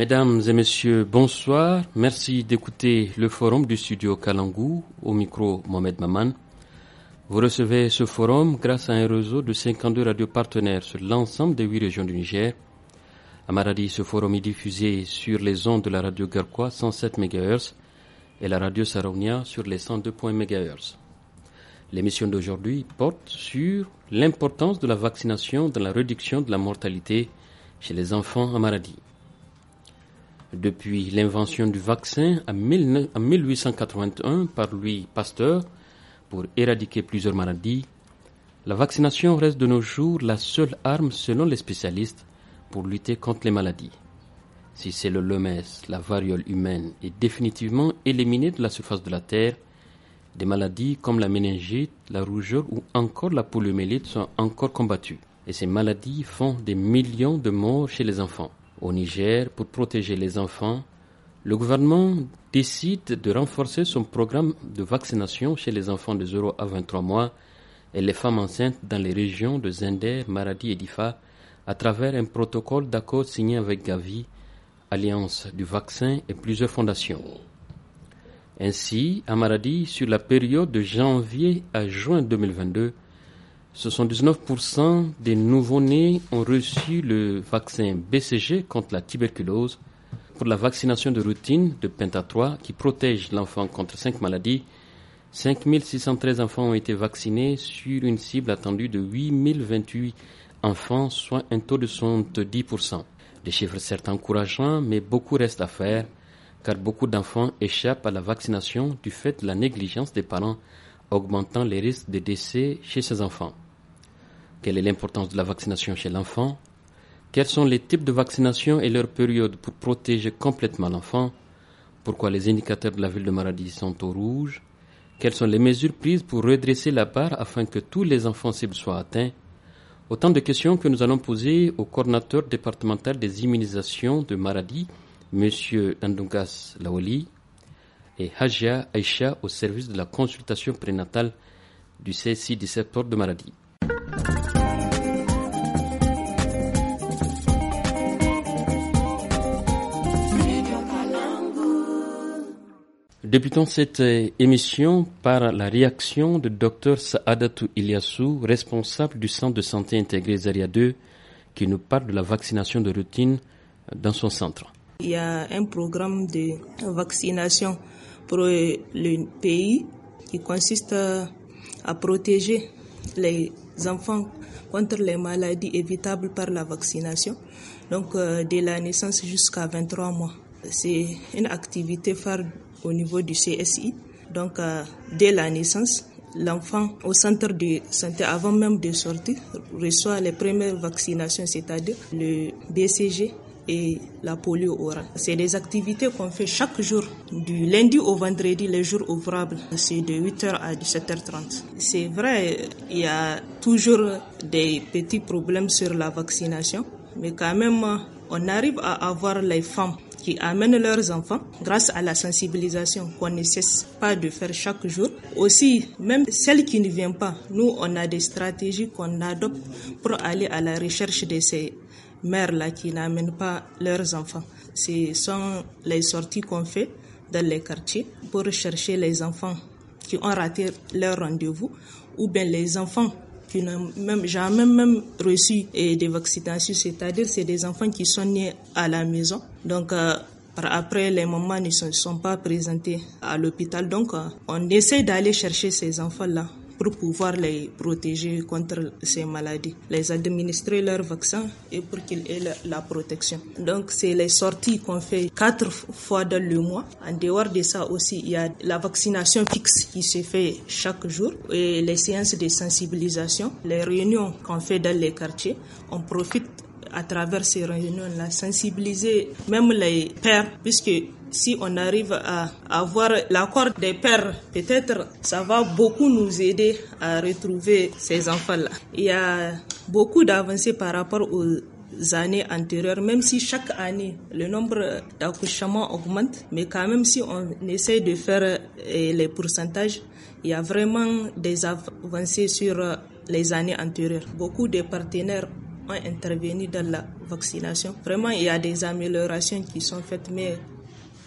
Mesdames et messieurs, bonsoir. Merci d'écouter le forum du studio Kalangou au micro Mohamed Maman. Vous recevez ce forum grâce à un réseau de 52 radios partenaires sur l'ensemble des huit régions du Niger. À Maradi, ce forum est diffusé sur les ondes de la radio Garkwa 107 MHz et la radio Saronia sur les 102 MHz. L'émission d'aujourd'hui porte sur l'importance de la vaccination dans la réduction de la mortalité chez les enfants à Maradi. Depuis l'invention du vaccin en 1881 par Louis Pasteur pour éradiquer plusieurs maladies, la vaccination reste de nos jours la seule arme selon les spécialistes pour lutter contre les maladies. Si c'est le lomès, la variole humaine est définitivement éliminée de la surface de la Terre, des maladies comme la méningite, la rougeur ou encore la poliomyélite sont encore combattues. Et ces maladies font des millions de morts chez les enfants au Niger pour protéger les enfants, le gouvernement décide de renforcer son programme de vaccination chez les enfants de 0 à 23 mois et les femmes enceintes dans les régions de Zender, Maradi et Difa à travers un protocole d'accord signé avec Gavi, Alliance du vaccin et plusieurs fondations. Ainsi, à Maradi, sur la période de janvier à juin 2022, 79% des nouveaux nés ont reçu le vaccin BCG contre la tuberculose pour la vaccination de routine de Penta 3 qui protège l'enfant contre cinq maladies. 613 enfants ont été vaccinés sur une cible attendue de 8028 enfants, soit un taux de 70%. Des chiffres certes encourageants, mais beaucoup reste à faire car beaucoup d'enfants échappent à la vaccination du fait de la négligence des parents, augmentant les risques de décès chez ces enfants. Quelle est l'importance de la vaccination chez l'enfant Quels sont les types de vaccination et leur période pour protéger complètement l'enfant Pourquoi les indicateurs de la ville de maladie sont au rouge Quelles sont les mesures prises pour redresser la barre afin que tous les enfants cibles soient atteints Autant de questions que nous allons poser au coordinateur départemental des immunisations de maladie, M. Ndungas Laoli, et Hajia Aisha au service de la consultation prénatale du CSI 17 port de Maladie. Débutons cette émission par la réaction de Dr Saadatou Iliassou, responsable du centre de santé intégré Zaria 2, qui nous parle de la vaccination de routine dans son centre. Il y a un programme de vaccination pour le pays qui consiste à protéger les enfants contre les maladies évitables par la vaccination, donc euh, dès la naissance jusqu'à 23 mois. C'est une activité phare au niveau du CSI. Donc euh, dès la naissance, l'enfant au centre de santé avant même de sortir reçoit les premières vaccinations, c'est-à-dire le BCG, et la polio orale. C'est des activités qu'on fait chaque jour, du lundi au vendredi, les jours ouvrables. C'est de 8h à 17h30. C'est vrai, il y a toujours des petits problèmes sur la vaccination, mais quand même, on arrive à avoir les femmes qui amènent leurs enfants grâce à la sensibilisation qu'on ne cesse pas de faire chaque jour. Aussi, même celles qui ne viennent pas, nous, on a des stratégies qu'on adopte pour aller à la recherche de ces mères là qui n'amènent pas leurs enfants. Ce sont les sorties qu'on fait dans les quartiers pour chercher les enfants qui ont raté leur rendez-vous ou bien les enfants qui n'ont même jamais même reçu eh, des vaccinations, c'est-à-dire c'est des enfants qui sont nés à la maison. Donc euh, après, les mamans ne se sont pas présentées à l'hôpital. Donc, euh, on essaie d'aller chercher ces enfants-là pour pouvoir les protéger contre ces maladies, les administrer leur vaccin et pour qu'ils aient la, protection. Donc, c'est les sorties qu'on fait quatre fois dans le mois. En dehors de ça aussi, il y a la vaccination fixe qui se fait chaque jour et les séances de sensibilisation, les réunions qu'on fait dans les quartiers. On profite à travers ces réunions-là, sensibiliser même les pères, puisque si on arrive à avoir l'accord des pères, peut-être ça va beaucoup nous aider à retrouver ces enfants-là. Il y a beaucoup d'avancées par rapport aux années antérieures, même si chaque année le nombre d'accouchements augmente, mais quand même si on essaie de faire eh, les pourcentages, il y a vraiment des avancées sur les années antérieures. Beaucoup de partenaires ont intervenu dans la vaccination. Vraiment, il y a des améliorations qui sont faites, mais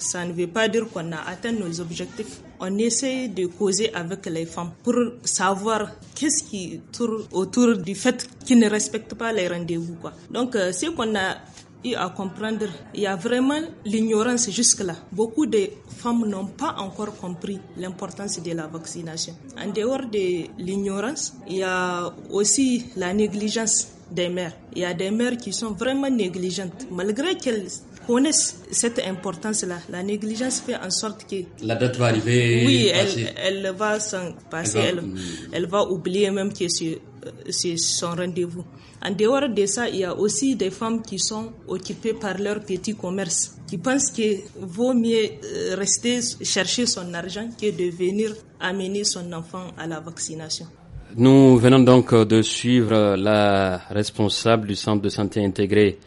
ça ne veut pas dire qu'on a atteint nos objectifs. On essaie de causer avec les femmes pour savoir qu'est-ce qui tourne autour du fait qu'ils ne respectent pas les rendez-vous. Donc, euh, ce qu'on a eu à comprendre, il y a vraiment l'ignorance jusque-là. Beaucoup de femmes n'ont pas encore compris l'importance de la vaccination. En dehors de l'ignorance, il y a aussi la négligence des mères. Il y a des mères qui sont vraiment négligentes, malgré qu'elles connaissent cette importance-là. La négligence fait en sorte que... La date va arriver. Oui, elle, va s'en passer, elle va, elle va, oublier même que c'est son rendez-vous. En dehors de ça, il y a aussi des femmes qui sont occupées par leur petit commerce, qui pensent qu'il vaut mieux euh, rester chercher son argent que de venir amener son enfant à la vaccination. Nous venons donc de suivre la responsable du centre de santé intégrée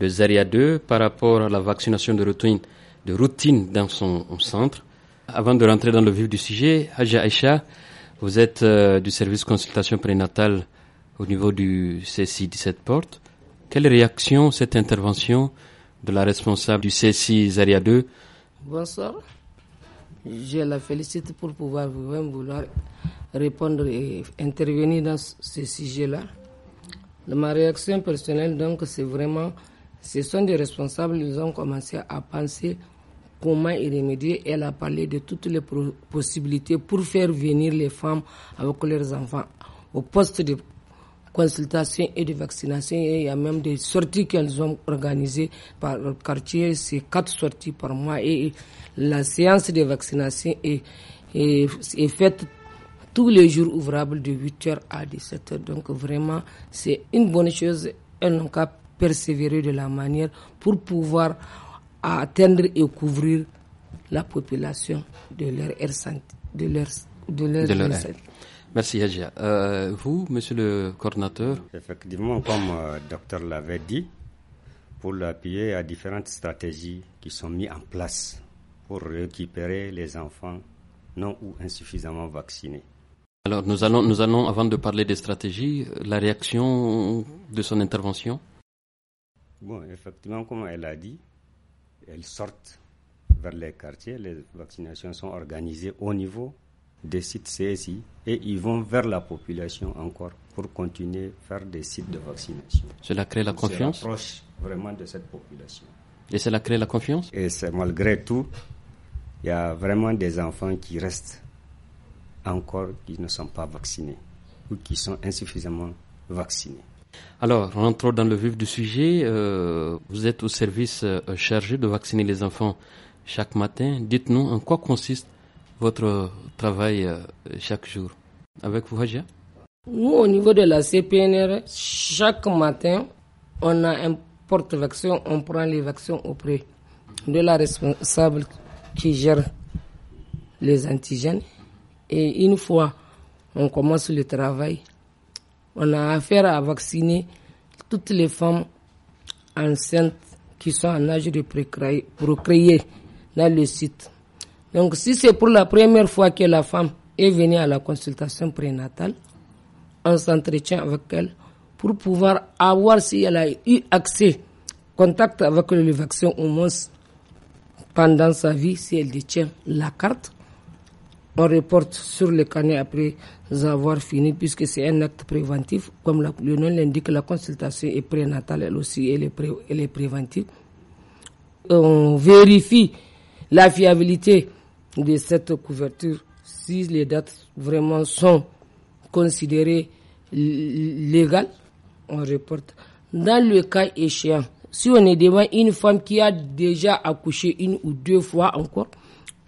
de Zaria 2 par rapport à la vaccination de routine, de routine dans son centre. Avant de rentrer dans le vif du sujet, Aja Aisha, vous êtes euh, du service consultation prénatale au niveau du CSI 17 Porte. Quelle réaction cette intervention de la responsable du CSI Zaria 2 Bonsoir. Je la félicite pour pouvoir vous-même vouloir répondre et intervenir dans ce sujet-là. Ma réaction personnelle, donc, c'est vraiment ce sont des responsables, ils ont commencé à penser comment y remédier. Elle a parlé de toutes les possibilités pour faire venir les femmes avec leurs enfants au poste de consultation et de vaccination. Et il y a même des sorties qu'elles ont organisées par le quartier. C'est quatre sorties par mois. Et la séance de vaccination est, est, faite tous les jours ouvrables de 8h à 17h. Donc vraiment, c'est une bonne chose, n'ont cap persévérer de la manière pour pouvoir atteindre et couvrir la population de leur r de leur, de Merci Hadja. Euh, vous, monsieur le coordinateur Effectivement, comme le euh, docteur l'avait dit, pour l'appuyer à différentes stratégies qui sont mises en place pour récupérer les enfants non ou insuffisamment vaccinés. Alors nous allons, nous allons, avant de parler des stratégies, la réaction de son intervention Bon, effectivement, comme elle a dit, elles sortent vers les quartiers. Les vaccinations sont organisées au niveau des sites CSI et ils vont vers la population encore pour continuer à faire des sites de vaccination. Cela crée la confiance proche vraiment de cette population. Et cela crée la confiance Et c'est malgré tout, il y a vraiment des enfants qui restent encore, qui ne sont pas vaccinés ou qui sont insuffisamment vaccinés. Alors, rentrons dans le vif du sujet. Euh, vous êtes au service euh, chargé de vacciner les enfants chaque matin. Dites-nous en quoi consiste votre travail euh, chaque jour. Avec vous, Hajia Nous, au niveau de la CPNR, chaque matin, on a un porte-vaccin, on prend les vaccins auprès de la responsable qui gère les antigènes. Et une fois on commence le travail, on a affaire à vacciner toutes les femmes enceintes qui sont en âge de procréer dans le site. Donc si c'est pour la première fois que la femme est venue à la consultation prénatale, on s'entretient avec elle pour pouvoir avoir, si elle a eu accès, contact avec le vaccin au moins pendant sa vie, si elle détient la carte, on reporte sur le canet après avoir fini, puisque c'est un acte préventif. Comme le nom l'indique, la consultation est prénatale, elle aussi, elle elle est préventive. On vérifie la fiabilité de cette couverture si les dates vraiment sont considérées légales, on reporte. Dans le cas échéant, si on est devant une femme qui a déjà accouché une ou deux fois encore,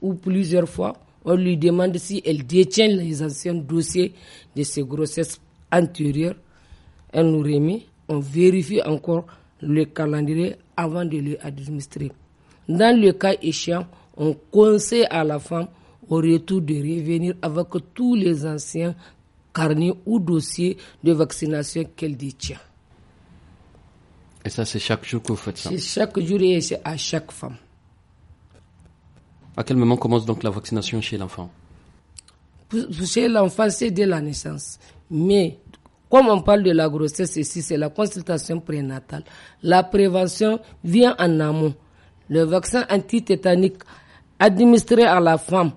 ou plusieurs fois, on lui demande si elle détient les anciens dossiers de ses grossesses antérieures. Elle nous remet. On vérifie encore le calendrier avant de lui administrer. Dans le cas échéant, on conseille à la femme au retour de revenir avec tous les anciens carnets ou dossiers de vaccination qu'elle détient. Et ça, c'est chaque jour que vous ça C'est chaque jour et c'est à chaque femme. À quel moment commence donc la vaccination chez l'enfant Chez l'enfant, c'est dès la naissance. Mais comme on parle de la grossesse ici, c'est la consultation prénatale. La prévention vient en amont. Le vaccin antitétanique administré à la femme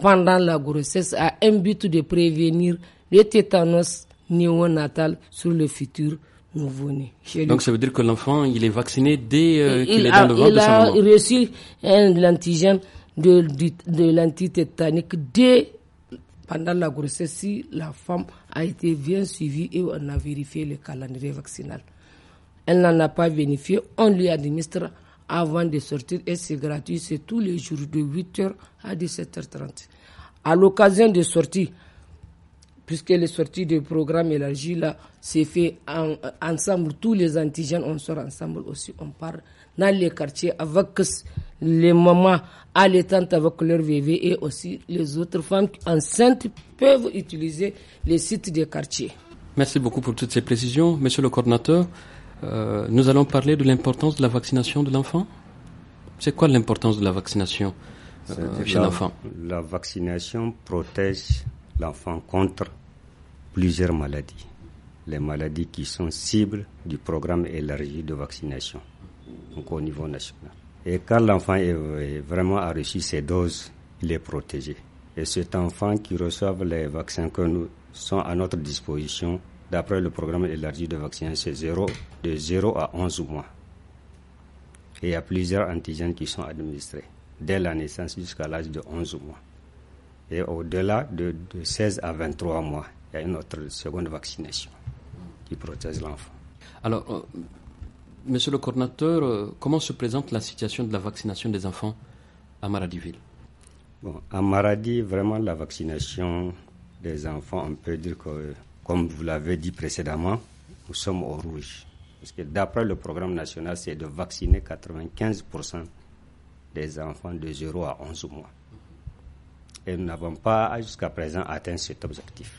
pendant la grossesse a un but de prévenir les tétanos néonatal sur le futur nouveau-né. Donc ça veut dire que l'enfant, il est vacciné dès euh, qu'il est dans le ventre de sa maman. Il a reçu l'antigène de, de, dès pendant la grossesse si la femme a été bien suivie et on a vérifié le calendrier vaccinal. Elle n'en a pas vérifié, on lui administre avant de sortir et c'est gratuit, c'est tous les jours de 8h à 17h30. À l'occasion de sorties puisque les sorties du programme élargi là, c'est fait ensemble, tous les antigènes, on sort ensemble aussi, on part dans les quartiers avec les mamans allaitantes avec leur bébé et aussi les autres femmes enceintes peuvent utiliser les sites des quartiers. Merci beaucoup pour toutes ces précisions. Monsieur le coordinateur, euh, nous allons parler de l'importance de la vaccination de l'enfant. C'est quoi l'importance de la vaccination euh, chez l'enfant la, vaccination protège l'enfant contre plusieurs maladies. Les maladies qui sont cibles du programme élargi de vaccination, au niveau national. Et quand l'enfant est vraiment a reçu ses doses, il est protégé. Et cet enfant qui reçoit les vaccins que nous sont à notre disposition, d'après le programme élargi de vaccins, c'est 0, de 0 à 11 mois. Et il y a plusieurs antigènes qui sont administrés, dès la naissance jusqu'à l'âge de 11 mois. Et au-delà de, de 16 à 23 mois, il y a une autre seconde vaccination qui protège l'enfant. Alors, euh, Monsieur le coordonnateur, euh, comment se présente la situation de la vaccination des enfants à Maradiville bon, À Maradi, vraiment, la vaccination des enfants, on peut dire que, comme vous l'avez dit précédemment, nous sommes au rouge. Parce que d'après le programme national, c'est de vacciner 95% des enfants de 0 à 11 mois. Et nous n'avons pas jusqu'à présent atteint cet objectif.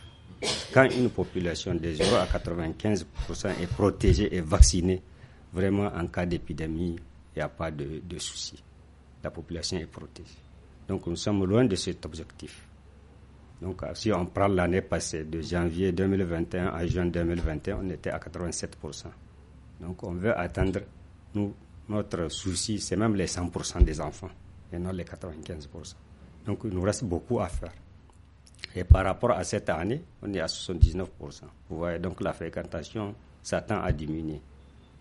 Quand une population de 0 à 95% est protégée et vaccinée, Vraiment, en cas d'épidémie, il n'y a pas de, souci. La population est protégée. Donc nous sommes loin de cet objectif. Donc euh, si on prend l'année passée, de janvier 2021 à juin 2021, on était à 87%. Donc on veut atteindre, notre souci, c'est même les 100% des enfants et non les 95%. Donc il nous reste beaucoup à faire. Et par rapport à cette année, on est à 79%. Vous voyez, donc la fréquentation s'attend à diminuer.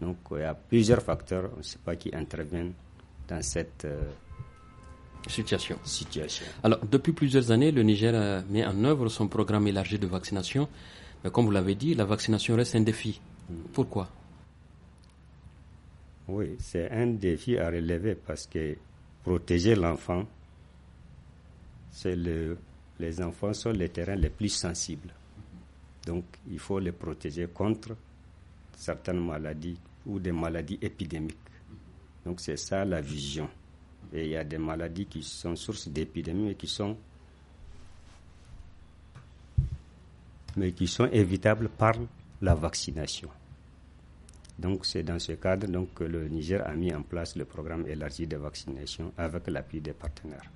Donc il y a plusieurs facteurs, on ne sait pas qui interviennent dans cette euh, situation. situation. Alors depuis plusieurs années, le Niger a euh, mis en œuvre son programme élargi de vaccination. Mais comme vous l'avez dit, la vaccination reste un défi. Hmm. Pourquoi Oui, c'est un défi à relever parce que protéger l'enfant, c'est le, les enfants sont les terrains les plus sensibles. Donc il faut les protéger contre certaines maladies ou des maladies épidémiques. Donc c'est ça la vision. Et il y a des maladies qui sont source d'épidémie et qui sont mais qui sont évitables par la vaccination. Donc c'est dans ce cadre donc, que le Niger a mis en place le programme élargi de vaccination avec l'appui des partenaires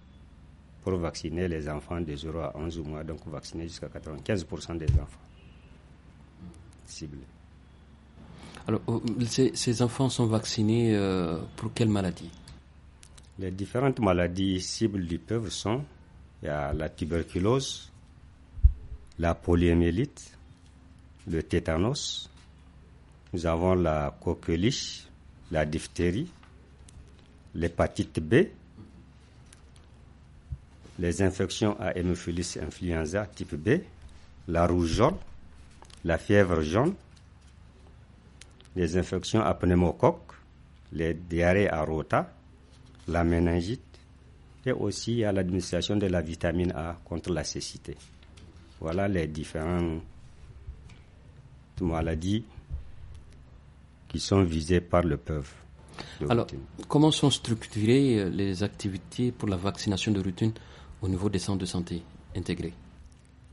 pour vacciner les enfants de 0 à 11 mois, donc vacciner jusqu'à 95% des enfants ciblés. Alors, euh, ces, enfants sont vaccinés euh, pour quelles maladies Les différentes maladies cibles du peuple sont la tuberculose, la poliomyélite, le tétanos, nous avons la coqueliche, la diphtérie, l'hépatite B, les infections à hémophilus influenza type B, la rouge jaune, la fièvre jaune, les infections à pneumocoque, les diarrhées à rota, la méningite et aussi à l'administration de la vitamine A contre la cécité. Voilà les différentes maladies qui sont visées par le peuple. Alors, comment sont structurées euh, les activités pour la vaccination de routine au niveau des centres de santé intégrés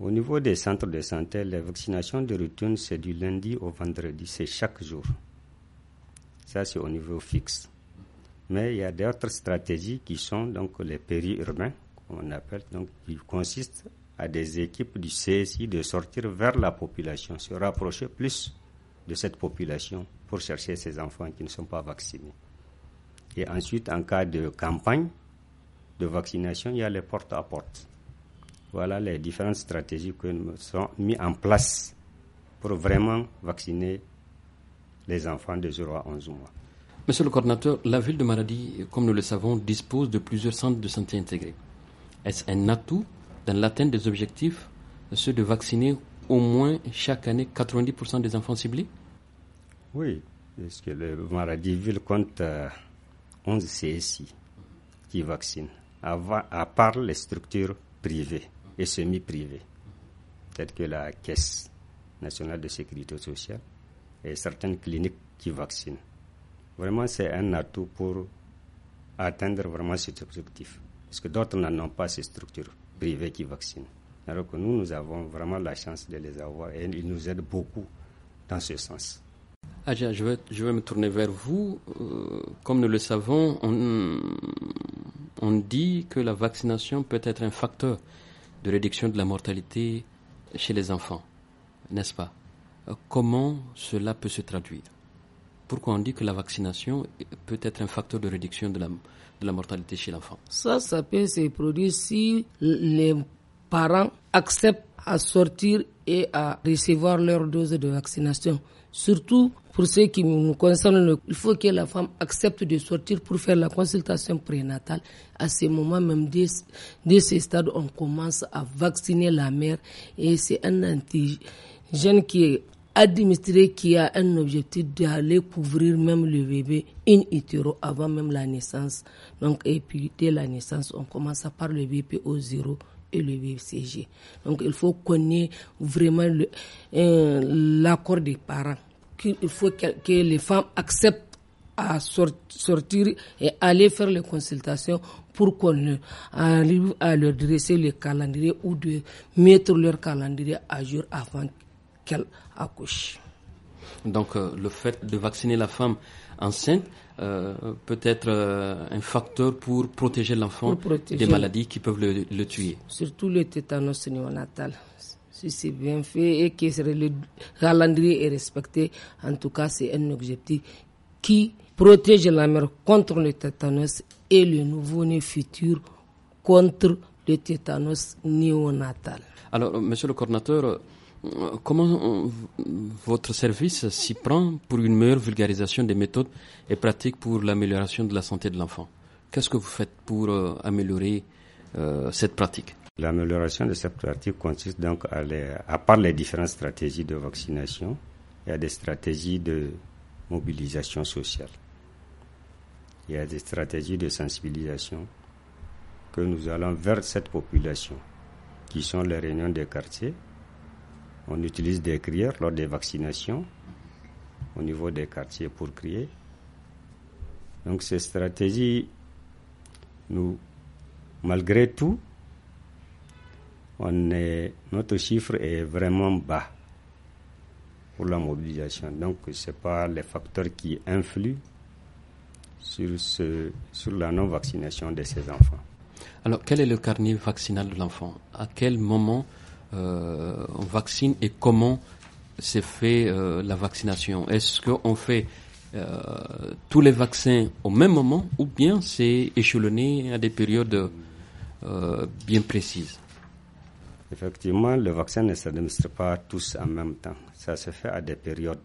au niveau des centres de santé, les vaccinations de retour, c'est du lundi au vendredi, c'est chaque jour. Ça, c'est au niveau fixe. Mais il y a d'autres stratégies qui sont donc les périurbains, qu'on appelle, donc, qui consistent à des équipes du CSI de sortir vers la population, se rapprocher plus de cette population pour chercher ces enfants qui ne sont pas vaccinés. Et ensuite, en cas de campagne de vaccination, il y a les porte à porte. Voilà les différentes stratégies qui sont mises en place pour vraiment vacciner les enfants de 0 à 11 mois. Monsieur le coordinateur, la ville de Maradi, comme nous le savons, dispose de plusieurs centres de santé intégrés. Est-ce un atout dans l'atteinte des objectifs, ceux de vacciner au moins chaque année 90% des enfants ciblés Oui, parce que le Maradi ville compte 11 euh, CSI qui vaccinent, à part les structures privées et semi-privés, tels que la Caisse nationale de sécurité sociale et certaines cliniques qui vaccinent. Vraiment, c'est un atout pour atteindre vraiment cet objectif. Parce que d'autres n'en ont pas ces structures privées qui vaccinent. Alors que nous, nous avons vraiment la chance de les avoir et ils nous aident beaucoup dans ce sens. Adja, je vais, me tourner vers vous. Euh, comme nous le savons, on, on dit que la vaccination peut être un facteur de réduction de la mortalité chez les enfants, n'est-ce pas euh, Comment cela peut se traduire Pourquoi on dit que la vaccination peut être un facteur de réduction de la, mortalité chez l'enfant Ça, ça peut se produire si les parents acceptent à sortir et à recevoir leur dose de vaccination. Surtout pour ceux qui nous concernent, il faut que la femme accepte de sortir pour faire la consultation prénatale. À ce moment même, dès, dès ce stade, on commence à vacciner la mère et c'est un antigène qui est administré qui a un objectif d'aller couvrir même le bébé in utero avant même la naissance. Donc, et puis dès la naissance, on commence à par le BPO 0 et le VCG. Donc il faut connaître vraiment euh, l'accord des parents. qu'il il faut que, les femmes acceptent à sortir et aller faire les consultations pour qu'on arrive à leur dresser le calendrier ou de mettre leur calendrier à jour avant qu'elle accouche. Donc euh, le fait de vacciner la femme enceinte, euh, peut-être euh, un facteur pour protéger l'enfant des maladies qui peuvent le, tuer. Surtout le tétanos néonatal. Si c'est bien fait et que le calendrier est respecté, en tout cas, c'est un objectif qui protège la mère contre le tétanos et le nouveau-né futur contre le tétanos néonatal. Alors, monsieur le coordinateur, comment euh, votre service s'y prend pour une meilleure vulgarisation des méthodes et pratiques pour l'amélioration de la santé de l'enfant Qu'est-ce que vous faites pour euh, améliorer euh, cette pratique L'amélioration de cette pratique consiste donc à, les, à part les différentes stratégies de vaccination, il y a des stratégies de mobilisation sociale. Il y a des stratégies de sensibilisation que nous allons vers cette population, qui sont les réunions des quartiers, on utilise des crières lors des vaccinations au niveau des quartiers pour crier. Donc ces stratégies, nous, malgré tout, on est, notre chiffre est vraiment bas pour la mobilisation. Donc ce n'est pas les facteurs qui influent sur, ce, sur la non-vaccination de ces enfants. Alors quel est le carnet vaccinal de l'enfant À quel moment euh, on vaccine et comment se fait euh, la vaccination Est-ce qu'on fait euh, tous les vaccins au même moment ou bien c'est échelonné à des périodes bien précises Effectivement, le vaccin ne s'administre pas tous en même temps. Ça se fait à des périodes.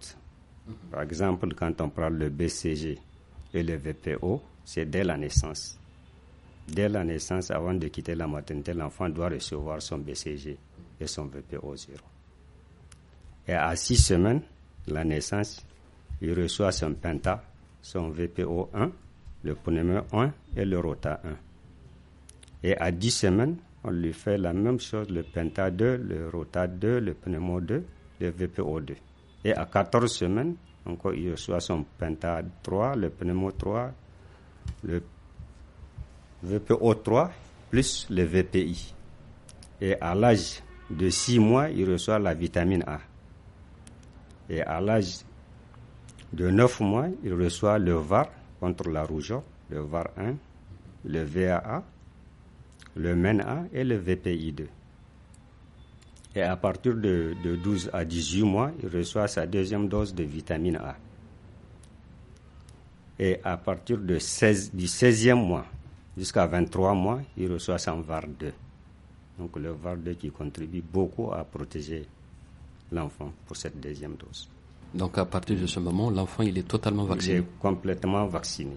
Mhm. Par exemple, quand on parle le BCG et le VPO, c'est dès la naissance. Dès la naissance, avant de quitter la maternité, l'enfant doit recevoir son BCG et son VPO0. Et à 6 semaines, la naissance, il reçoit son Penta, son VPO1, le pneumo 1 et le Rota 1. Et à 10 semaines, on lui fait la même chose, le Penta 2, le Rota 2, le pneumo 2, le VPO 2. Et à 14 semaines, encore, il reçoit son Penta 3, le pneumo 3, le VPO 3, plus le VPI. Et à l'âge de 6 mois, il reçoit la vitamine A. Et à l'âge de 9 mois, il reçoit le VAR contre la rougeur, le VAR 1, le VAA, le MENA et le VPI2. Et à partir de, de 12 à 18 mois, il reçoit sa deuxième dose de vitamine A. Et à partir de 16, du 16e mois jusqu'à 23 mois, il reçoit son VAR 2. Donc le var qui contribue beaucoup à protéger l'enfant pour cette deuxième dose. Donc à partir de ce moment, l'enfant il est totalement vacciné. Il complètement vacciné.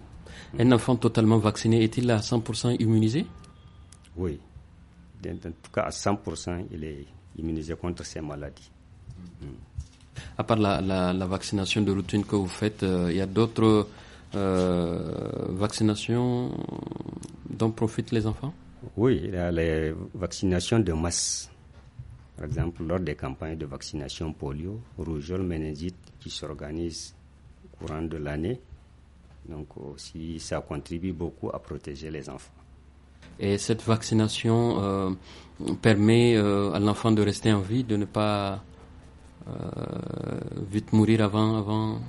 Un enfant totalement vacciné est-il à 100% immunisé Oui. En tout cas, à 100%, il est immunisé contre ces maladies. Mm. À part la, vaccination de routine que vous faites, euh, il y a d'autres euh, vaccinations dont profitent les enfants oui, les vaccinations de masse. Par exemple, lors des campagnes de vaccination polio, rougeole, méningite qui s'organisent au courant de l'année. Donc aussi, ça contribue beaucoup à protéger les enfants. Et cette vaccination euh, permet euh, à l'enfant de rester en vie, de ne pas euh, vite mourir avant, avant...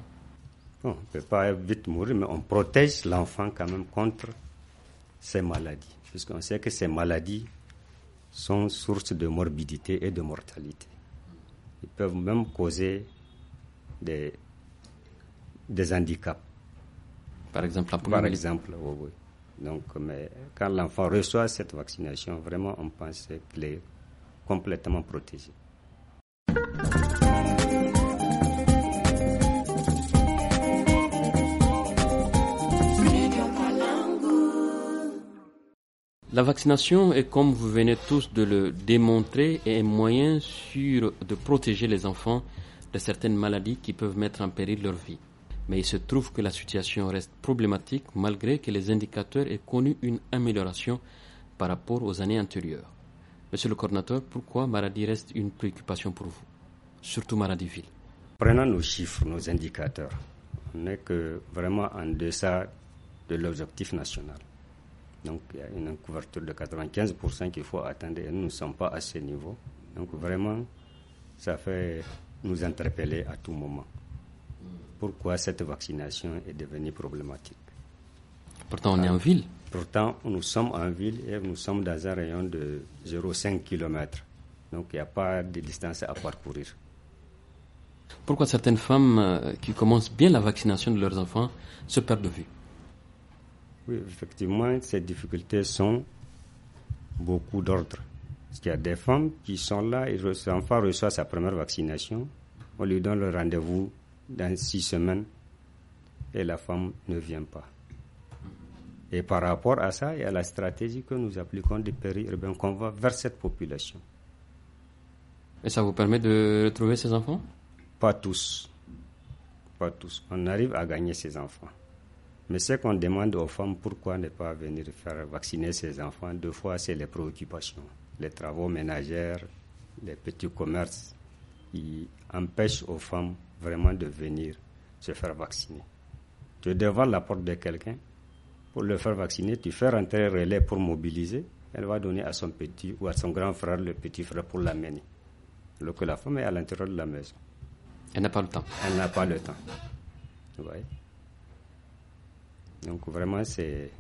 on ne peut pas vite mourir, mais on protège l'enfant quand même contre ces maladies, puisqu'on sait que ces maladies sont source de morbidité et de mortalité. Ils peuvent même causer des, des handicaps. Par exemple, la Par exemple, oui, oui. Donc, mais quand l'enfant reçoit cette vaccination, vraiment, on pense qu'il est complètement protégé. La vaccination est, comme vous venez tous de le démontrer, un moyen sûr de protéger les enfants de certaines maladies qui peuvent mettre en péril leur vie. Mais il se trouve que la situation reste problématique malgré que les indicateurs aient connu une amélioration par rapport aux années antérieures. Monsieur le coordinateur, pourquoi maladie reste une préoccupation pour vous, surtout Maradi-Ville Prenons nos chiffres, nos indicateurs. On n'est que vraiment en deçà de l'objectif national. Donc il y a une couverture de 95% qu'il faut attendre nous ne sommes pas à ce niveau. Donc vraiment, ça fait nous interpeller à tout moment. Pourquoi cette vaccination est devenue problématique Pourtant, on est en ah. ville. Pourtant, nous sommes en ville et nous sommes dans un rayon de 0,5 km. Donc, il n'y a pas de distance à parcourir. Pourquoi certaines femmes euh, qui commencent bien la vaccination de leurs enfants se perdent de vue oui, effectivement, ces difficultés sont beaucoup d'ordre. Parce qu'il y a des femmes qui sont là et l'enfant reçoit sa première vaccination. On lui donne le rendez-vous dans six semaines et la femme ne vient pas. Et par rapport à ça, il y a la stratégie que nous appliquons des périurbains qu'on va vers cette population. Et ça vous permet de retrouver ces enfants Pas tous. Pas tous. On arrive à gagner ces enfants. Mais ce qu'on demande aux femmes, pourquoi ne pas venir faire vacciner ses enfants, deux fois, c'est les préoccupations, les travaux ménagères, les petits commerces ils empêchent aux femmes vraiment de venir se faire vacciner. Tu devant la porte de quelqu'un pour le faire vacciner, tu fais rentrer un relais pour mobiliser, elle va donner à son petit ou à son grand frère, le petit frère, pour l'amener. Alors que la femme est à l'intérieur de la maison. Elle n'a pas le temps. Elle n'a pas le temps. Vous voyez donc vraiment, c'est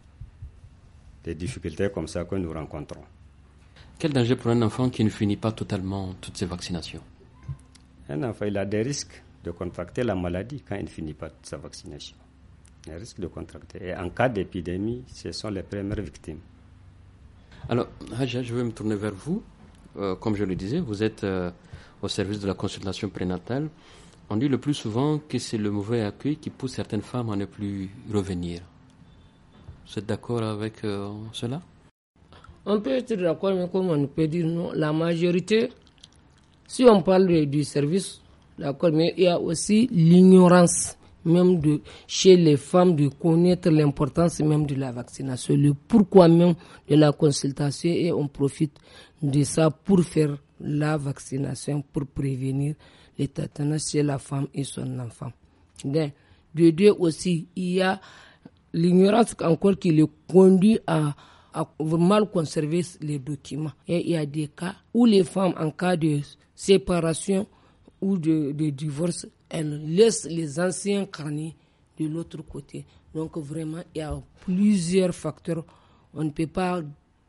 des difficultés comme ça que nous rencontrons. Quel danger pour un enfant qui ne finit pas totalement toutes ses vaccinations Un enfant, il a des risques de contracter la maladie quand il ne finit pas toute sa vaccination. Il risque de contracter. Et en cas d'épidémie, ce sont les premières victimes. Alors, Haja, je vais me tourner vers vous. Euh, comme je le disais, vous êtes euh, au service de la consultation prénatale. On dit le plus souvent que c'est le mauvais accueil qui pousse certaines femmes à ne plus revenir. Vous êtes d'accord avec euh, cela On peut être d'accord, mais comme on peut dire non, la majorité, si on parle du service, d'accord, mais il y a aussi l'ignorance même de chez les femmes de connaître l'importance même de la vaccination, le pourquoi même de la consultation et on profite de ça pour faire la vaccination pour prévenir les tatanas la femme et son enfant. de deux aussi, il y a l'ignorance encore qui le conduit à, mal conserver les documents. Et il y a des cas où les femmes, en cas de séparation ou de, de divorce, elles laissent les anciens carnets de l'autre côté. Donc vraiment, il y a plusieurs facteurs. On ne peut pas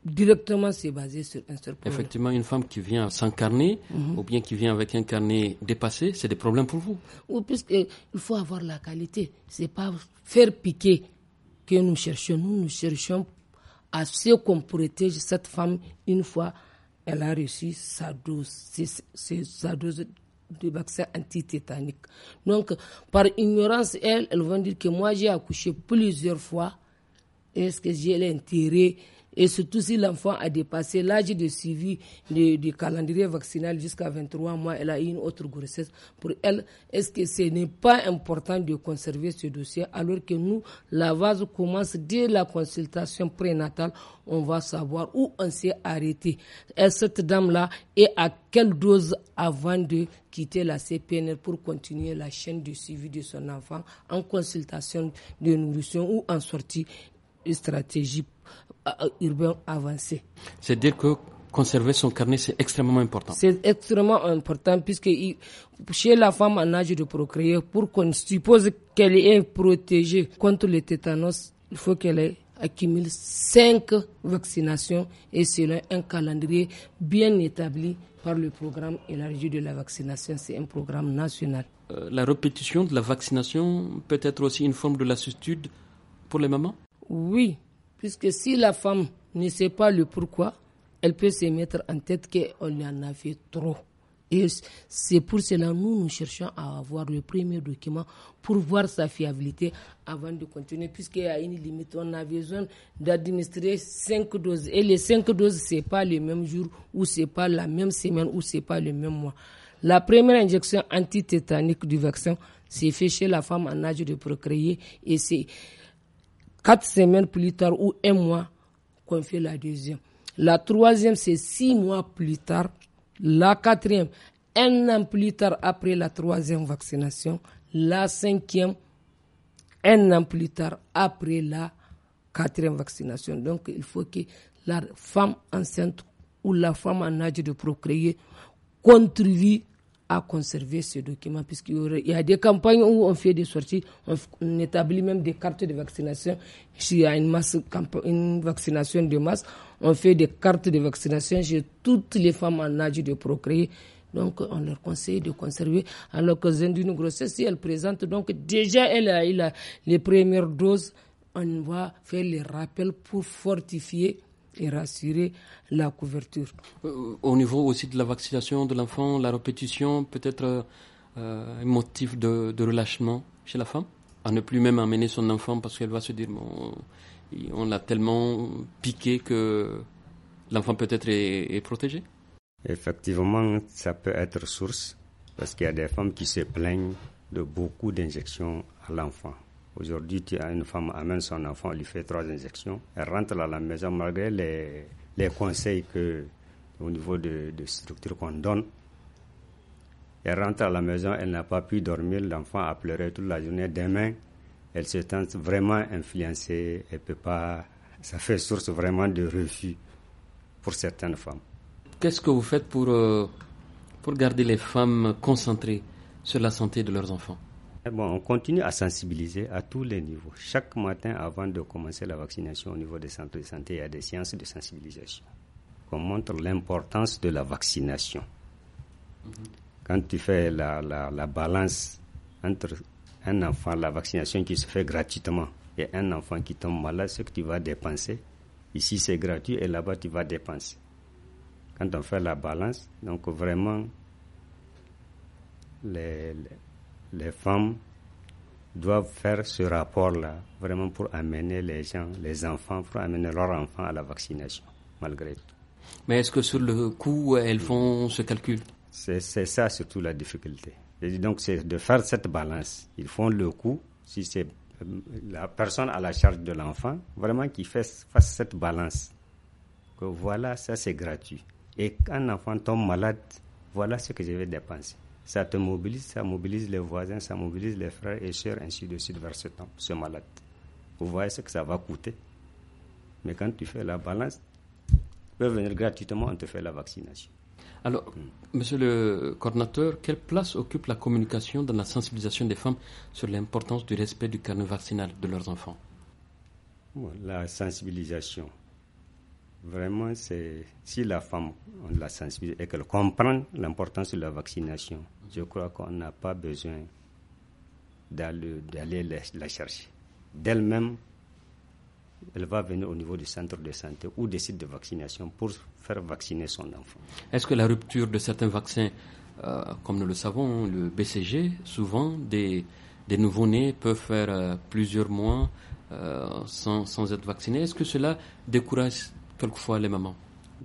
directement c'est basé sur un seul problème. Effectivement, une femme qui vient s'incarner mhm. ou bien qui vient avec un carnet dépassé, c'est des problèmes pour vous. puisque il faut avoir la qualité. C'est pas faire piquer que nous cherchons. Nous, nous cherchons à ce qu'on protège cette femme une fois elle a reçu sa dose, sa dose de vaccin antitétanique. Donc, par ignorance, elle elles vont dire que moi j'ai accouché plusieurs fois. Est-ce que j'ai l'intérêt et surtout si l'enfant a dépassé l'âge de suivi du, calendrier vaccinal jusqu'à 23 mois, elle a eu une autre grossesse. Pour elle, est-ce que ce n'est pas important de conserver ce dossier alors que nous, la vase commence dès la consultation prénatale, on va savoir où on s'est arrêté. Et cette dame-là est à quelle dose avant de quitter la CPNR pour continuer la chaîne de suivi de son enfant en consultation de nourrition ou en sortie stratégique urbain avancé. C'est-à-dire que conserver son carnet, c'est extrêmement important. C'est extrêmement important puisque chez la femme en âge de procréer, pour qu'on suppose qu'elle est protégée contre le tétanos, il faut qu'elle ait accumule cinq vaccinations et selon un calendrier bien établi par le programme élargi de la vaccination. C'est un programme national. Euh, la répétition de la vaccination peut être aussi une forme de lassitude pour les mamans Oui, Puisque si la femme ne sait pas le pourquoi, elle peut se mettre en tête qu'on lui en a fait trop. Et c'est pour cela que nous, nous cherchons à avoir le premier document pour voir sa fiabilité avant de continuer, puisqu'il y a une limite. On a besoin d'administrer cinq doses. Et les cinq doses, ce n'est pas le même jour, ou ce n'est pas la même semaine, ou ce n'est pas le même mois. La première injection antitétanique du vaccin, c'est fait chez la femme en âge de procréer. Et c'est Quatre semaines plus tard ou un mois, qu'on fait la deuxième. La troisième, c'est six mois plus tard. La quatrième, un an plus tard après la troisième vaccination. La cinquième, un an plus tard après la quatrième vaccination. Donc, il faut que la femme enceinte ou la femme en âge de procréer contribue à conserver ce document, puisqu'il y, a des campagnes où on fait des sorties, on, établit même des cartes de vaccination. S'il y a une, masse, une vaccination de masse, on fait des cartes de vaccination chez toutes les femmes en âge de procréer. Donc, on leur conseille de conserver. Alors que d'une grossesse, si elle présente, donc déjà, elle a, eu a les premières doses, on va faire les rappels pour fortifier et rassurer la couverture. Euh, au niveau aussi de la vaccination de l'enfant, la répétition peut être euh, euh, un motif de, relâchement chez la femme À ne plus même amener son enfant parce qu'elle va se dire on l'a tellement piqué que l'enfant peut-être est protégé Effectivement, ça peut être source parce qu'il y a des femmes qui se plaignent de beaucoup d'injections à l'enfant. Aujourd'hui, une femme amène son enfant, elle lui fait trois injections. Elle rentre à la maison malgré les, conseils que, au niveau de, de structure qu'on donne. Elle rentre à la maison, elle n'a pas pu dormir, l'enfant a pleuré toute la journée. Demain, elle se tente vraiment influencée, elle peut pas. Ça fait source vraiment de refus pour certaines femmes. Qu'est-ce que vous faites pour euh, garder les femmes concentrées sur la santé de leurs enfants eh on continue à sensibiliser à tous les niveaux. Chaque matin, avant de commencer la vaccination au niveau des centres de santé, il y a des séances de sensibilisation. On montre l'importance de la vaccination. Mhm. Quand tu fais la, balance entre un enfant, la vaccination qui se fait gratuitement, et un enfant qui tombe malade, ce que tu vas dépenser, ici c'est gratuit et là-bas tu vas dépenser. Quand on fait la balance, donc vraiment, les les femmes doivent faire ce rapport-là, vraiment pour amener les gens, les enfants, pour amener leurs enfants à la vaccination, malgré tout. Mais est-ce que sur le coût, elles font ce calcul C'est ça surtout la difficulté. donc, c'est de faire cette balance. Ils font le coût, si c'est euh, la personne à la charge de l'enfant, vraiment qui fasse, cette balance. voilà, ça c'est gratuit. Et quand un enfant tombe malade, voilà ce que je vais dépenser ça te mobilise, ça mobilise les voisins, ça mobilise les frères et sœurs, ainsi de suite, vers ce, temps, ce malade. Vous voyez ce que ça va coûter. Mais quand tu fais la balance, tu peux venir gratuitement, on te fait la vaccination. Alors, hmm. monsieur le coordinateur, quelle place occupe la communication dans la sensibilisation des femmes sur l'importance du respect du carnet vaccinal de leurs enfants La sensibilisation, vraiment, c'est si la femme, la sensibilise et qu'elle comprend l'importance de la vaccination, je crois qu'on n'a pas besoin d'aller la chercher. D'elle-même, elle va venir au niveau du centre de santé ou des sites de vaccination pour faire vacciner son enfant. Est-ce que la rupture de certains vaccins, euh, comme nous le savons, le BCG, souvent des, nouveaux nés peuvent faire euh, plusieurs mois euh, sans, sans, être vaccinés, est-ce que cela décourage quelquefois les mamans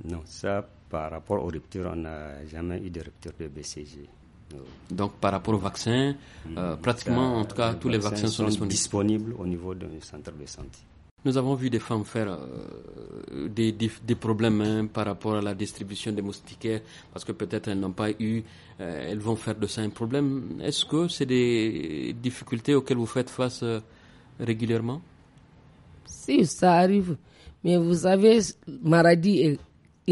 Non, ça, par rapport aux ruptures, on n'a jamais eu de rupture de BCG. Donc par rapport aux vaccins, euh, mm. pratiquement en tout cas tous les vaccins sont, disponibles. au niveau d'un centre de santé. Nous avons vu des femmes faire euh, des, problèmes hein, par rapport à la distribution des moustiquaires parce que peut-être elles n'ont pas eu, euh, elles vont faire de ça un problème. Est-ce que c'est des difficultés auxquelles vous faites face régulièrement Si, ça arrive. Mais vous savez, maladie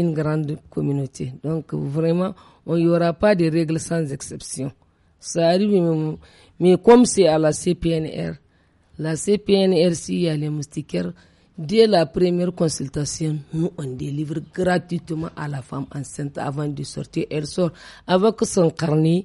grande communauté. Donc vraiment, on n'y aura pas de règles sans exception. Ça arrive, mais comme c'est à la CPNR, la CPNR, s'il y a les moustiquaires, dès la première consultation, nous, on délivre gratuitement à la femme enceinte avant de sortir. Elle sort avec son carnet,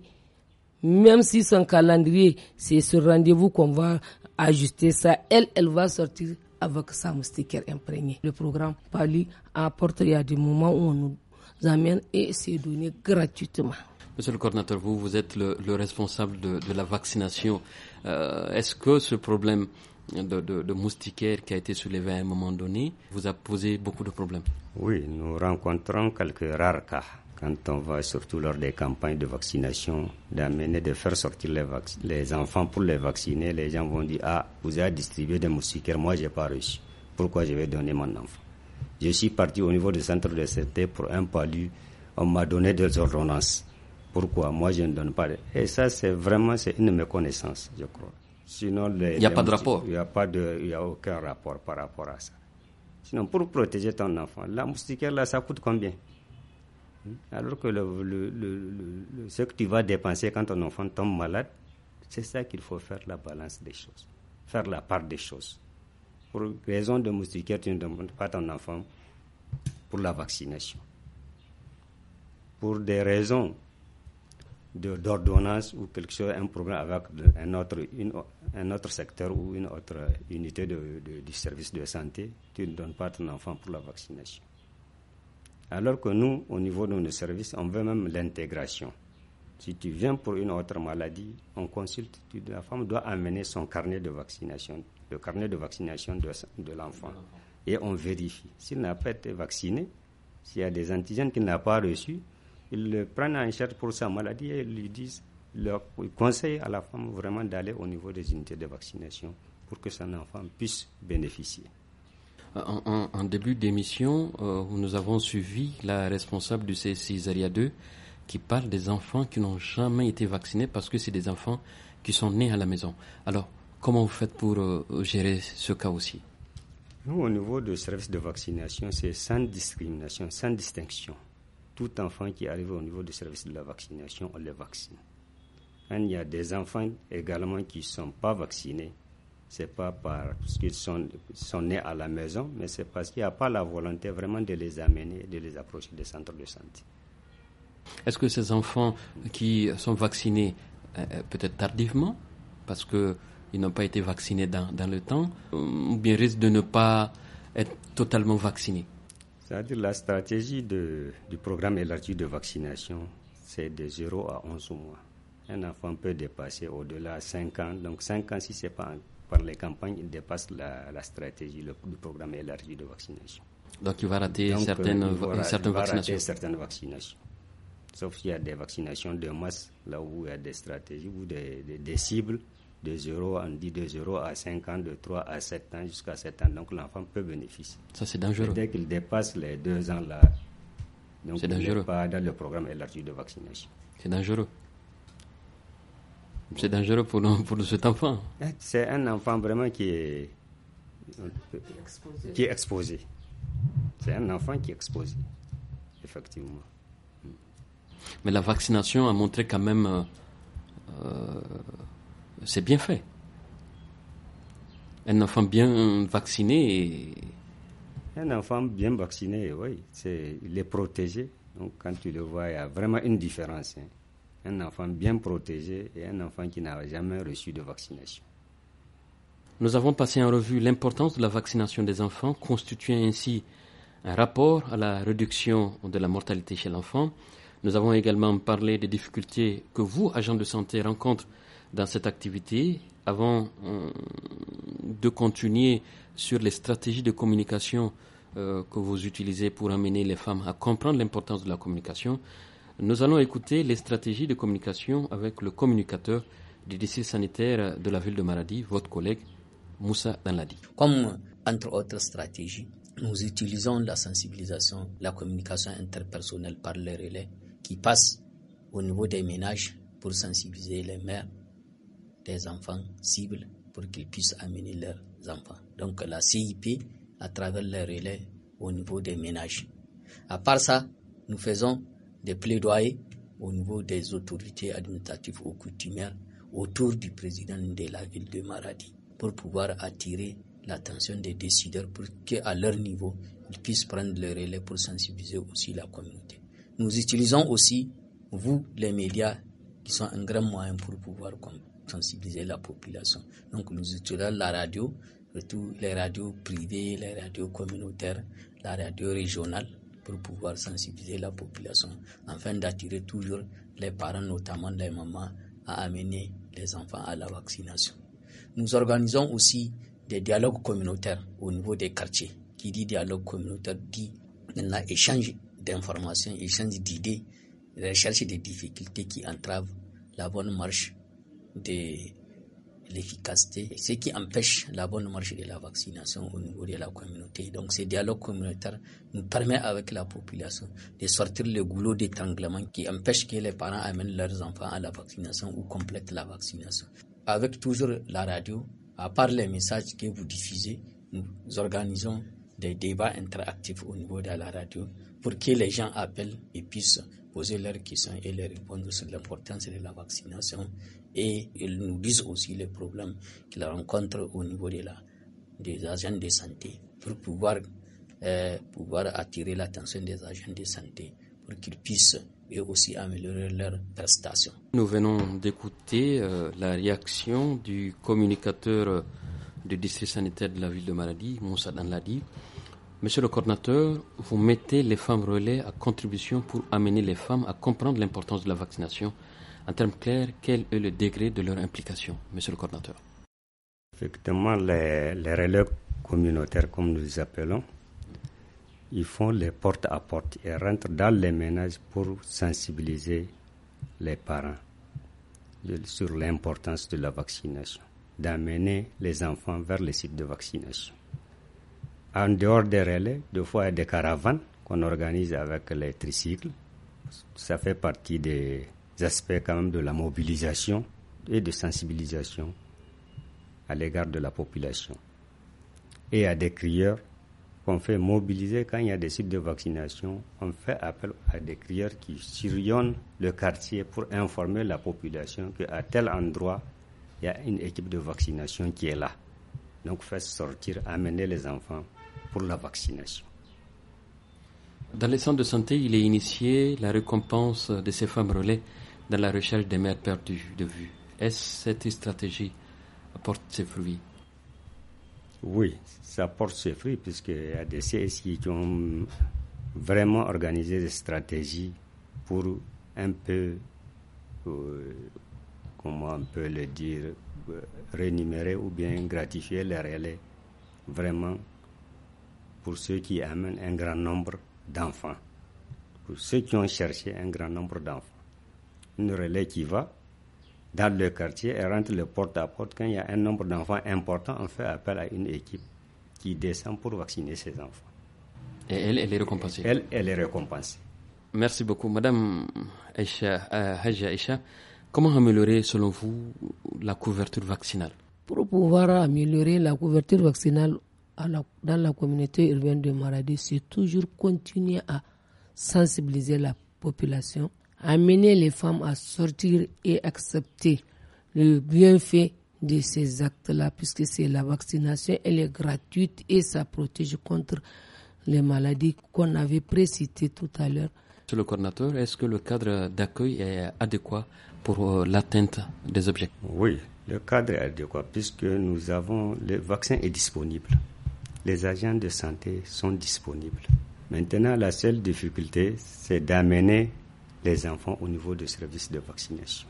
même si son calendrier, c'est ce rendez-vous qu'on va ajuster ça. Elle, elle va sortir avec sa moustiquaire imprégnée. Le programme Pali apporte, il y des moments où on nous amène et c'est donné gratuitement. Monsieur le coordinateur, vous, vous êtes le, responsable de, la vaccination. Euh, est-ce que ce problème de, moustiquaire qui a été soulevé à un moment donné vous a posé beaucoup de problèmes Oui, nous rencontrons quelques rares cas quand on va surtout lors des campagnes de vaccination, d'amener, de faire sortir les, enfants pour les vacciner, les gens vont dire, ah, vous avez distribué des moustiquaires, moi j'ai pas reçu. Pourquoi je vais donner mon enfant Je suis parti au niveau du centre de santé pour un palu, on m'a donné des ordonnances. Pourquoi Moi je ne donne pas. Et ça, c'est vraiment, une méconnaissance, je crois. Sinon, il n'y a pas de rapport. Il n'y a aucun rapport par rapport à ça. Sinon, pour protéger ton enfant, la moustiquaire là, ça coûte combien Mhm. Alors que ce que tu vas dépenser quand ton enfant tombe malade, c'est ça qu'il faut faire la balance des choses, faire la part des choses. Pour raisons de moustiquaire, tu ne demandes pas ton enfant pour la vaccination. Pour des raisons d'ordonnance ou quelque chose, un problème avec un autre, secteur ou une autre unité de, de, du service de santé, tu ne donnes pas ton enfant pour la vaccination. Alors que nous, au niveau de nos services, on veut même l'intégration. Si tu viens pour une autre maladie, on consulte. La femme doit amener son carnet de vaccination, le carnet de vaccination de, l'enfant. Et on vérifie. S'il n'a pas été vacciné, s'il y a des antigènes qu'il n'a pas reçus, ils le prennent en charge pour sa maladie et lui disent, leur conseillent à la femme vraiment d'aller au niveau des unités de vaccination pour que son enfant puisse bénéficier. Euh, en, début d'émission, euh, nous avons suivi la responsable du CSI Zaria 2 qui parle des enfants qui n'ont jamais été vaccinés parce que c'est des enfants qui sont nés à la maison. Alors, comment vous faites pour euh, gérer ce cas aussi Nous, au niveau du service de vaccination, c'est sans discrimination, sans distinction. Tout enfant qui arrive au niveau du service de la vaccination, on le vaccine. il y a des enfants également qui ne sont pas vaccinés c'est pas parce qu'ils sont, sont, nés à la maison, mais c'est parce qu'il n'y a pas la volonté vraiment de les amener, de les approcher des centres de santé. Est-ce que ces enfants qui sont vaccinés, euh, euh, peut-être tardivement, parce qu'ils n'ont pas été vaccinés dans, le temps, euh, ou bien risquent de ne pas être totalement vaccinés C'est-à-dire la stratégie du programme élargi de vaccination, c'est de 0 à 11 mois. Un enfant peut dépasser au-delà de 5 ans. Donc 5 ans, si ce n'est pas un par les campagnes, il dépasse la, stratégie, le, programme élargi de vaccination. Donc il va rater, certaines, il euh, il va vaccinations. rater certaines vaccinations. Sauf s'il y a des vaccinations de masse, là où il y a des stratégies ou des, cibles de 0, on dit de 0 à 5 ans, de 3 à 7 ans, jusqu'à 7 ans. Donc l'enfant peut bénéficier. Ça c'est dangereux. dès qu'il dépasse les 2 ans, là, donc il pas dans le programme élargi de vaccination. C'est dangereux. C'est dangereux pour, cet enfant. Eh, c'est un enfant vraiment qui est, qui exposé. C'est un enfant qui est exposé, effectivement. Mais la vaccination a montré quand même. Euh, euh, c'est bien fait. Un enfant bien vacciné. Un enfant bien vacciné, oui. il est protégé. Donc quand tu le vois, il y a vraiment une différence. Hein un enfant bien protégé et un enfant qui n'a jamais reçu de vaccination. Nous avons passé en revue l'importance de la vaccination des enfants, constituant ainsi un rapport à la réduction de la mortalité chez l'enfant. Nous avons également parlé des difficultés que vous, agents de santé, rencontrez dans cette activité. Avant euh, de continuer sur les stratégies de communication euh, que vous utilisez pour amener les femmes à comprendre l'importance de la communication, nous allons écouter les stratégies de communication avec le communicateur du district sanitaire de la ville de Maradi, votre collègue Moussa Danladi. Comme entre autres stratégies, nous utilisons la sensibilisation, la communication interpersonnelle par les relais qui passent au niveau des ménages pour sensibiliser les mères des enfants cibles pour qu'ils puissent amener leurs enfants. Donc la CIP à travers les relais au niveau des ménages. À part ça, nous faisons des plaidoyers au niveau des autorités administratives ou coutumières autour du président de la ville de Maradi pour pouvoir attirer l'attention des décideurs pour qu'à leur niveau, ils puissent prendre le relais pour sensibiliser aussi la communauté. Nous utilisons aussi, vous, les médias, qui sont un grand moyen pour pouvoir sensibiliser la population. Donc nous utilisons la radio, surtout les radios privées, les radios communautaires, la radio régionale, pour pouvoir sensibiliser la population afin d'attirer toujours les parents, notamment les mamans, à amener les enfants à la vaccination. Nous organisons aussi des dialogues communautaires au niveau des quartiers. Qui dit dialogue communautaire dit échange d'informations, échange d'idées, recherche des difficultés qui entravent la bonne marche des l'efficacité, ce qui empêche la bonne marche de la vaccination au niveau de la communauté. Donc ce dialogue communautaire nous permet avec la population de sortir le goulot d'étranglement qui empêche que les parents amènent leurs enfants à la vaccination ou complètent la vaccination. Avec toujours la radio, à part les messages que vous diffusez, nous organisons des débats interactifs au niveau de la radio pour que les gens appellent et puissent poser leurs questions et les répondre sur l'importance de la vaccination. Et ils nous disent aussi les problèmes qu'ils rencontrent au niveau de la, des agents de santé pour pouvoir, euh, pouvoir attirer l'attention des agents de santé pour qu'ils puissent et aussi améliorer leurs prestations. Nous venons d'écouter euh, la réaction du communicateur du district sanitaire de la ville de Maradi, Moussa Danladi. Monsieur le coordinateur, vous mettez les femmes relais à contribution pour amener les femmes à comprendre l'importance de la vaccination. En termes clairs, quel est le degré de leur implication, monsieur le coordinateur Effectivement, les, relais communautaires, comme nous les appelons, ils font les portes à porte et rentrent dans les ménages pour sensibiliser les parents sur l'importance de la vaccination, d'amener les enfants vers les sites de vaccination en dehors des relais, des fois, il y a des caravanes qu'on organise avec les tricycles. Ça fait partie des aspects quand même de la mobilisation et de sensibilisation à l'égard de la population. Et à des crieurs qu'on fait mobiliser quand il y a des sites de vaccination, on fait appel à des crieurs qui sillonnent le quartier pour informer la population qu'à tel endroit, il y a une équipe de vaccination qui est là. Donc faites sortir, amener les enfants pour la vaccination. Dans les centres de santé, il est initié la récompense de ces femmes relais dans la recherche des mères perdues de vue. Est-ce que cette stratégie apporte ses fruits Oui, ça porte ses fruits puisque y a des CSI qui ont vraiment organisé des stratégies pour un peu, euh, comment on peut le dire, euh, rémunérer ou bien gratifier les relais, vraiment, pour ceux qui amènent un grand nombre d'enfants, pour ceux qui ont cherché un grand nombre d'enfants. Une relais qui va dans le quartier et rentre le porte à porte. Quand il y a un nombre d'enfants important, on fait appel à une équipe qui descend pour vacciner ces enfants. Et elle, elle est récompensée Elle, elle est récompensée. Merci beaucoup. Madame euh, Haja Comment améliorer, selon vous, la couverture vaccinale Pour pouvoir améliorer la couverture vaccinale dans la communauté urbaine de Maradi, c'est toujours continuer à sensibiliser la population, amener les femmes à sortir et accepter le bienfait de ces actes-là, puisque c'est la vaccination, elle est gratuite et ça protège contre les maladies qu'on avait précitées tout à l'heure. Monsieur le coordinateur, est-ce que le cadre d'accueil est adéquat pour euh, l'atteinte des objets Oui, le cadre est adéquat puisque nous avons le vaccin est disponible. Les agents de santé sont disponibles. Maintenant, la seule difficulté, c'est d'amener les enfants au niveau du service de vaccination.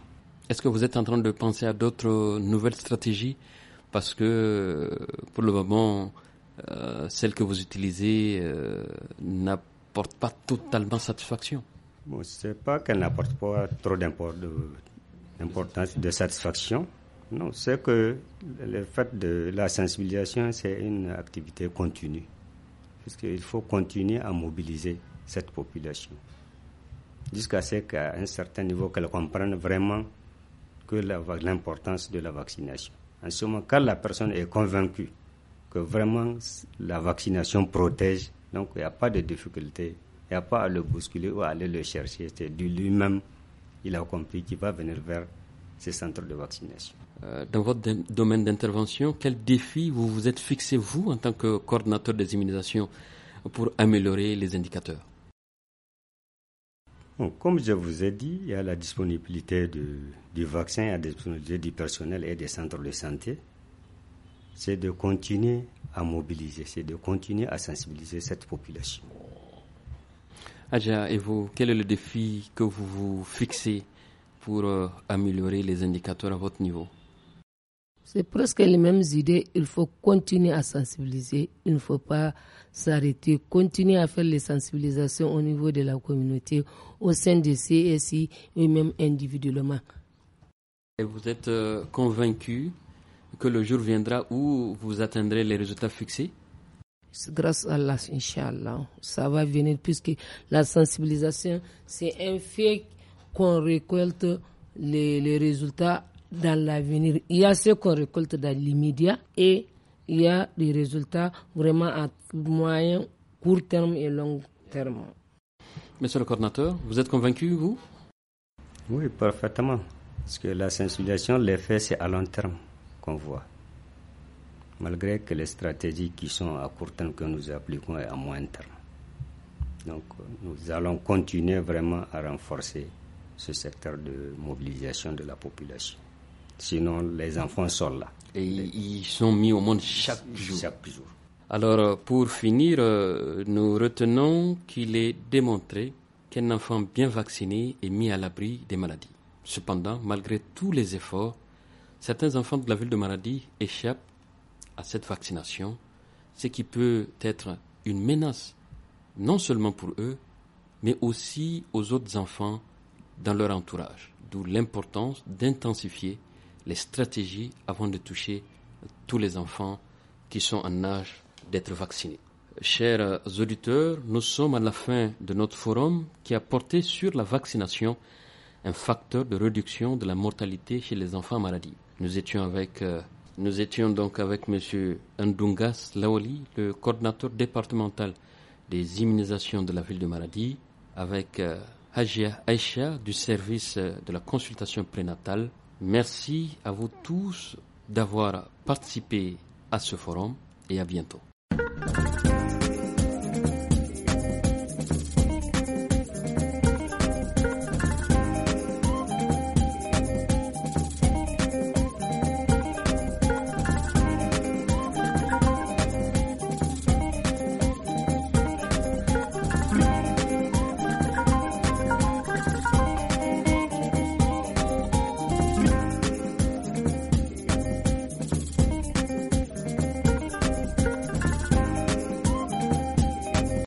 Est-ce que vous êtes en train de penser à d'autres euh, nouvelles stratégies Parce que euh, pour le moment, euh, celle que vous utilisez euh, n'apporte pas totalement satisfaction ce n'est pas qu'elle n'apporte pas trop d'importance, de, satisfaction. Non, c'est que le fait de la sensibilisation, c'est une activité continue. Puisqu'il faut continuer à mobiliser cette population. Jusqu'à ce qu'à un certain niveau, qu'elle comprenne vraiment l'importance de la vaccination. En ce moment, quand la personne est convaincue que vraiment la vaccination protège, donc il n'y a pas de difficulté n'y a pas à le bousculer ou à aller le chercher. C'est lui-même, il a compris qu'il va venir vers ces centres de vaccination. Euh, dans votre domaine d'intervention, quel défi vous vous êtes fixé, vous, en tant que coordinateur des immunisations, pour améliorer les indicateurs Comme je vous ai dit, il y a la disponibilité du vaccin, il y la disponibilité du personnel et des centres de santé. C'est de continuer à mobiliser, c'est de continuer à sensibiliser cette population. Adja, et vous, quel est le défi que vous vous fixez pour euh, améliorer les indicateurs à votre niveau C'est presque les mêmes idées. Il faut continuer à sensibiliser. Il ne faut pas s'arrêter. Continuer à faire les sensibilisations au niveau de la communauté, au sein des CSI et même individuellement. Et vous êtes euh, convaincu que le jour viendra où vous atteindrez les résultats fixés grâce à Allah, Inch'Allah, ça va venir puisque la sensibilisation, c'est un fait qu'on récolte les, résultats dans l'avenir. Il y a ce qu'on récolte dans l'immédiat et il y a des résultats vraiment à moyen, court terme et long terme. Monsieur le coordinateur, vous êtes convaincu, vous Oui, parfaitement. Parce que la sensibilisation, l'effet, c'est à long terme qu'on voit malgré que les stratégies qui sont à court terme que nous appliquons et à moyen terme. Donc nous allons continuer vraiment à renforcer ce secteur de mobilisation de la population. Sinon, les enfants sont là. Et ils sont mis au monde chaque jour. Chaque Alors, euh, pour finir, euh, nous retenons qu'il est démontré qu'un enfant bien vacciné est mis à l'abri des maladies. Cependant, malgré tous les efforts, certains enfants de la ville de maladie échappent à cette vaccination, ce qui peut être une menace, non seulement pour eux, mais aussi aux autres enfants dans leur entourage. D'où l'importance d'intensifier les stratégies avant de toucher tous les enfants qui sont en âge d'être vaccinés. Chers auditeurs, nous sommes à la fin de notre forum qui a porté sur la vaccination, un facteur de réduction de la mortalité chez les enfants maladies. Nous étions avec euh, nous étions donc avec M. Ndungas Laoli, le coordinateur départemental des immunisations de la ville de Maradi, avec euh, Hajia Aisha du service euh, de la consultation prénatale. Merci à vous tous d'avoir participé à ce forum et à bientôt.